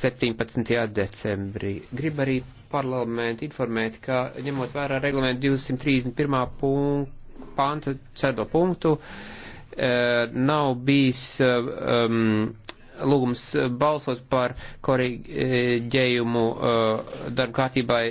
17. decembrī. Grib arī parlamentu informēt, ka ņemot vērā reglamentu 231. Punktu, panta 4. punktu, nav bijis eh, um, lūgums balsot par korīģējumu eh, darba kārtībai